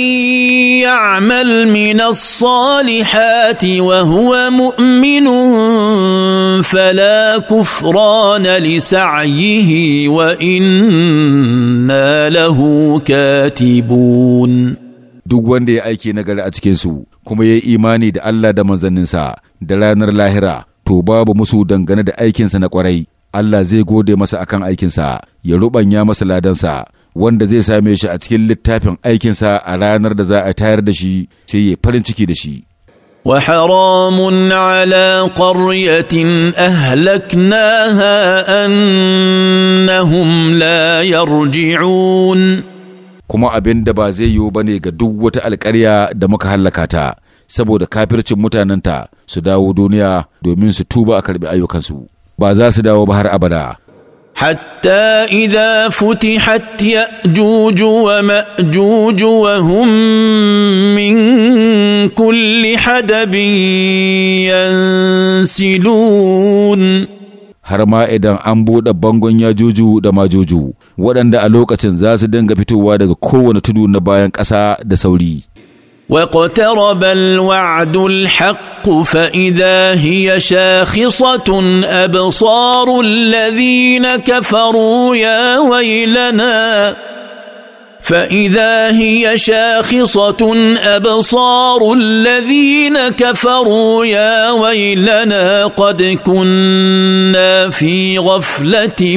يعمل من الصالحات وهو مؤمن فلا كفران لسعيه وإنا له كاتبون duk wanda ya aiki nagari a cikinsu kuma ya yi imani da Allah da manzanninsa da ranar lahira to babu musu dangane da aikinsa na kwarai Allah zai gode masa akan aikinsa ya ruɓanya masa ladansa wanda zai same shi a cikin littafin aikinsa a ranar da za a tayar da shi sai ya farin ciki da shi وحرام على قرية أهلكناها أنهم لا يرجعون kuma abin da ba zai yiwu ba ne ga duk wata alƙarya da muka hallaka ta saboda kafircin mutanenta su dawo duniya domin su tuba a karbi ayyukansu ba za su dawo ba har abada حتى اذا فتحت ياجوج وماجوج وهم من كل حدب ينسلون har ma idan an buɗe bangon juju da juju waɗanda a lokacin za su dinga fitowa daga kowane tudu na bayan ƙasa da sauri واقترب الوعد الحق فاذا هي شاخصه ابصار الذين كفروا يا ويلنا فاذا هي شاخصه ابصار الذين كفروا يا ويلنا قد كنا في غفله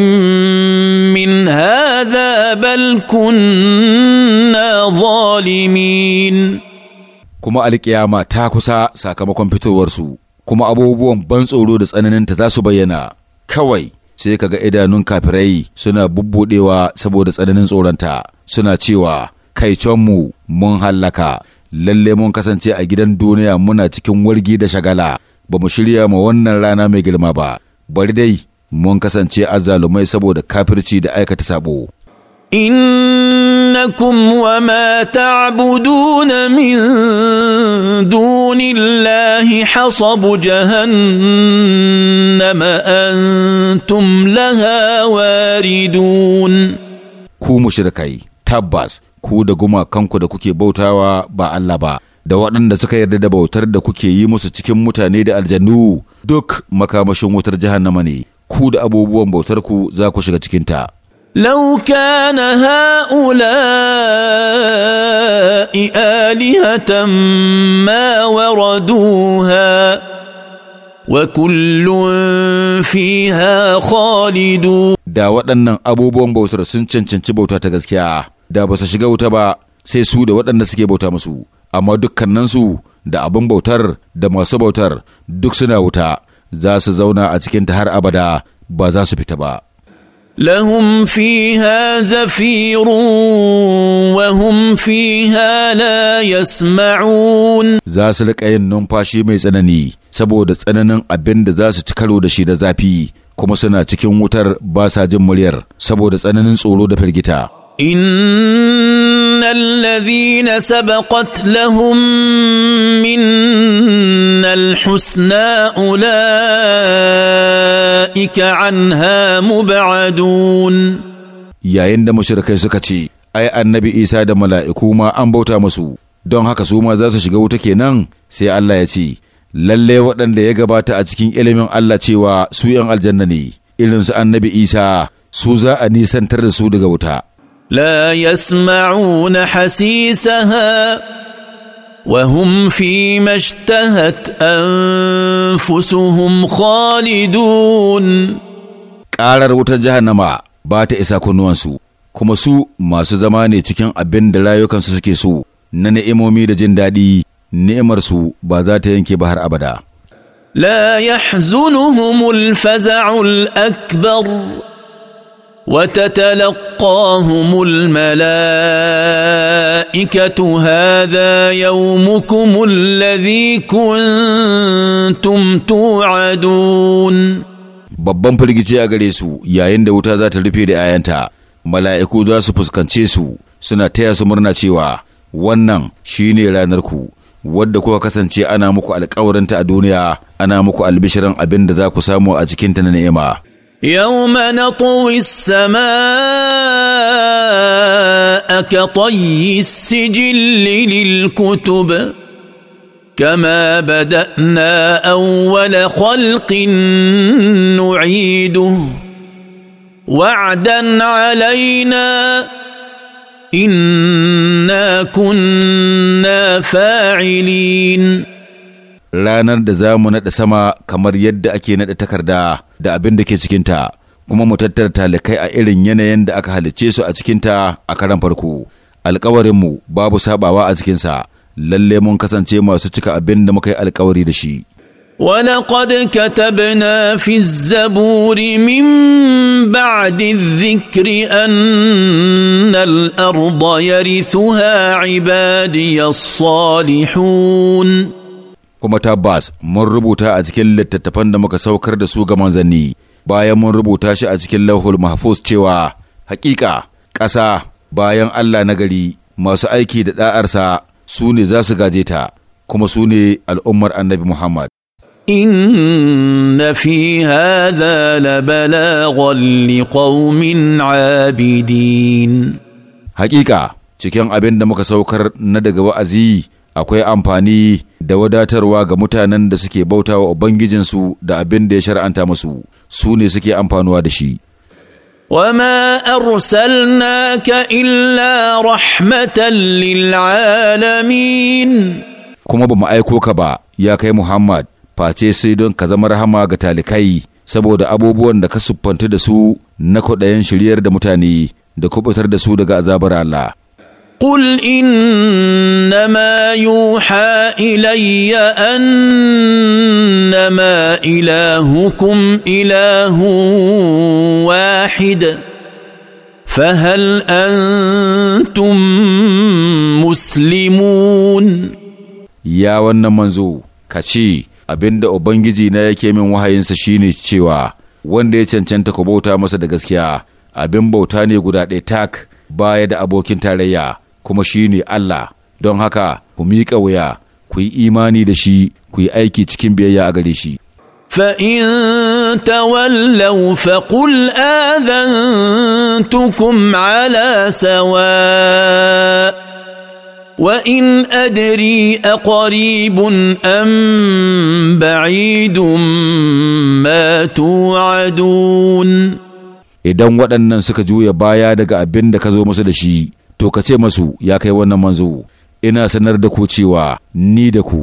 من هذا بل كنا ظالمين kuma alƙiyama ta kusa sakamakon fitowarsu kuma abubuwan ban tsoro da tsananinta za su bayyana kawai sai ka ga idanun kafirai suna bubbudewa saboda tsananin tsoronta suna cewa 'Kai mu mun hallaka lalle mun kasance a gidan duniya muna cikin wargi da shagala ba mu shirya ma wannan rana mai girma ba bari dai mun kasance azzalumai saboda kafirci da aikata sabo انكم وما تعبدون من دون الله حصب جهنم انتم لها واردون ku mushrikai tabbas ku da gumakanku da kuke bautawa ba Allah ba da waɗanda suka yarda da bautar da kuke yi musu cikin mutane da aljanu, duk makamashin wutar jahannama ne ku da abubuwan bautarku za ku shiga cikinta لو كان هؤلاء آلهة ما وردوها وكل فيها خالدون da waɗannan abubuwan bautar sun cancanci bauta ta gaskiya da ba su shiga wuta ba sai su da waɗanda suke bauta musu amma dukkanansu da abin bautar da masu bautar duk suna wuta za su zauna a cikinta har abada ba za su fita ba لهم فيها زفير وهم فيها لا يسمعون za su riƙa yin numfashi mai tsanani saboda tsananin abin da za su ci karo da shi da zafi kuma suna cikin wutar ba sa jin muryar saboda tsananin tsoro da firgita. ان الذين سبقت لهم منا الحسنى اولئك عنها مبعدون yayin da mashirkai suka ce ai annabi isa da mala'iku ma an bauta musu don haka su ma za su shiga wuta kenan sai allah ya ce lallai waɗanda ya gabata a cikin ilimin allah cewa su ‘yan aljanna ne irinsu annabi isa su za a nisantar da su daga wuta لا يسمعون حسيسها وهم فيما اشتهت انفسهم خالدون ƙarar wutar jahannama ba ta isa kunnuwansu kuma su masu zama ne cikin abin da rayukansu suke so na ni'imomi da jin daɗi ni'imarsu ba za ta yanke ba har abada la yahzunuhumul faza'ul akbar وتتلقاهم الملائكه هذا يومكم الذي كنتم توعدون babban firgici a gare su yayin da wuta za ta rufe da 'ya'yanta mala'iku za su fuskance su suna taya su murna cewa wannan shine ranar ku wadda kuka kasance ana muku alkawarinta a duniya ana muku albishirin abin da za ku samu a cikinta na ni'ima يوم نطوي السماء كطي السجل للكتب كما بدانا اول خلق نعيده وعدا علينا انا كنا فاعلين ranar da za mu naɗa sama kamar yadda ake naɗa takarda da abin da ke cikinta, kuma mu tattara talikai a irin yanayin da aka halicce su a cikinta a karan farko. Alkawarinmu babu sabawa a cikinsa, lalle mun kasance masu cika abin da muka yi alkawari da shi. ولقد كتبنا في الزبور من بعد الذكر ان الارض يرثها عبادي الصالحون kuma tabbas mun rubuta a cikin littattafan da muka saukar da su ga manzanni bayan mun rubuta shi a cikin lauhul mahfuz cewa hakika ƙasa bayan Allah na gari masu aiki da ɗa'arsa su ne za su gaje ta kuma su ne al'ummar annabi Muhammad. In إن في هذا لبلاغا لقوم عابدين حقيقة cikin abin da muka saukar na daga wa'azi akwai amfani da wadatarwa ga mutanen da suke bautawa Ubangijinsu da abin da ya shar'anta musu, su ne suke amfanuwa da shi. وما ka illa rahmatan للعالمين kuma ba mu aiko ka ba ya kai Muhammad face sai don ka zama rahama ga talikai saboda abubuwan da ka siffanta da su na kwaɗayin shiryar da mutane da kuɓatar da su daga azabar Allah. قل انما يوحى الي انما الهكم اله واحد فهل انتم مسلمون ya wannan manzo ka ce abinda ubangiji na yake min wahayinsa shine cewa wanda ya cancanta ku bauta masa da gaskiya abin bauta ne guda ɗaya tak baya da abokin tarayya kuma shi ne Allah don haka ku miƙa wuya ku yi imani da shi ku yi aiki cikin biyayya a gare shi فإن تولوا فقل آذنتكم على سواء وإن a أقريب أم بعيد matu توعدون idan waɗannan suka juya baya daga abin da ka zo musu da shi to ka ce masu ya kai wannan manzo ina sanar da ku cewa ni da ku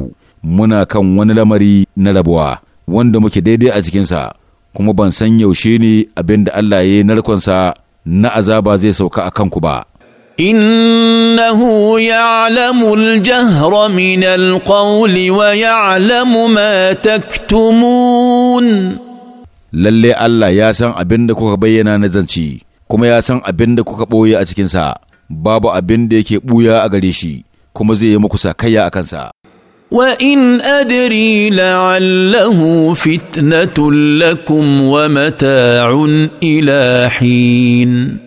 muna kan wani lamari na rabuwa wanda muke daidai a cikinsa kuma ban san yaushe ne abin da Allah ya yi narkonsa na azaba zai sauka a kanku ba. إنه يعلم الجهر من القول ويعلم ما تكتمون lalle Allah ya san abin da kuka bayyana na zanci kuma ya san abin da kuka ɓoye a cikinsa babu abin da yake ɓuya a gare shi kuma zai yi muku sakayya a kansa Wa وان ادري لعله فتنه لكم wa الى Ilahin.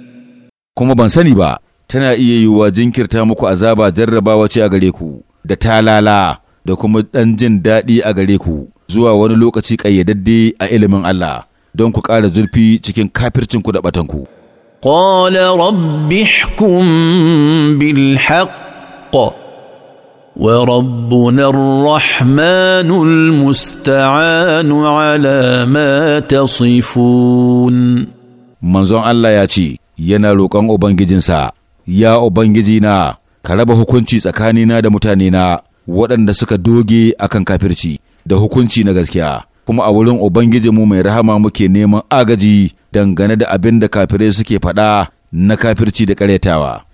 kuma ban sani ba tana iya yiwuwa jinkirta muku azaba jarrabawa ce a gare ku da talala da kuma ɗan jin daɗi a gare ku zuwa wani lokaci ƙayyadadde a ilimin Allah don ku ƙara zurfi cikin kafircinku da ɓatanku. قال رب احكم بالحق وربنا الرحمن المستعان على ما تصفون manzon Allah ya ce yana roƙon Ubangijinsa, Ya ubangiji na ka raba hukunci tsakanina da mutanena waɗanda suka doge akan kafirci da hukunci na gaskiya, kuma a wurin Ubangijinmu mai rahama muke neman agaji dangane da abin da kafirai suke faɗa na kafirci da ƙaryatawa.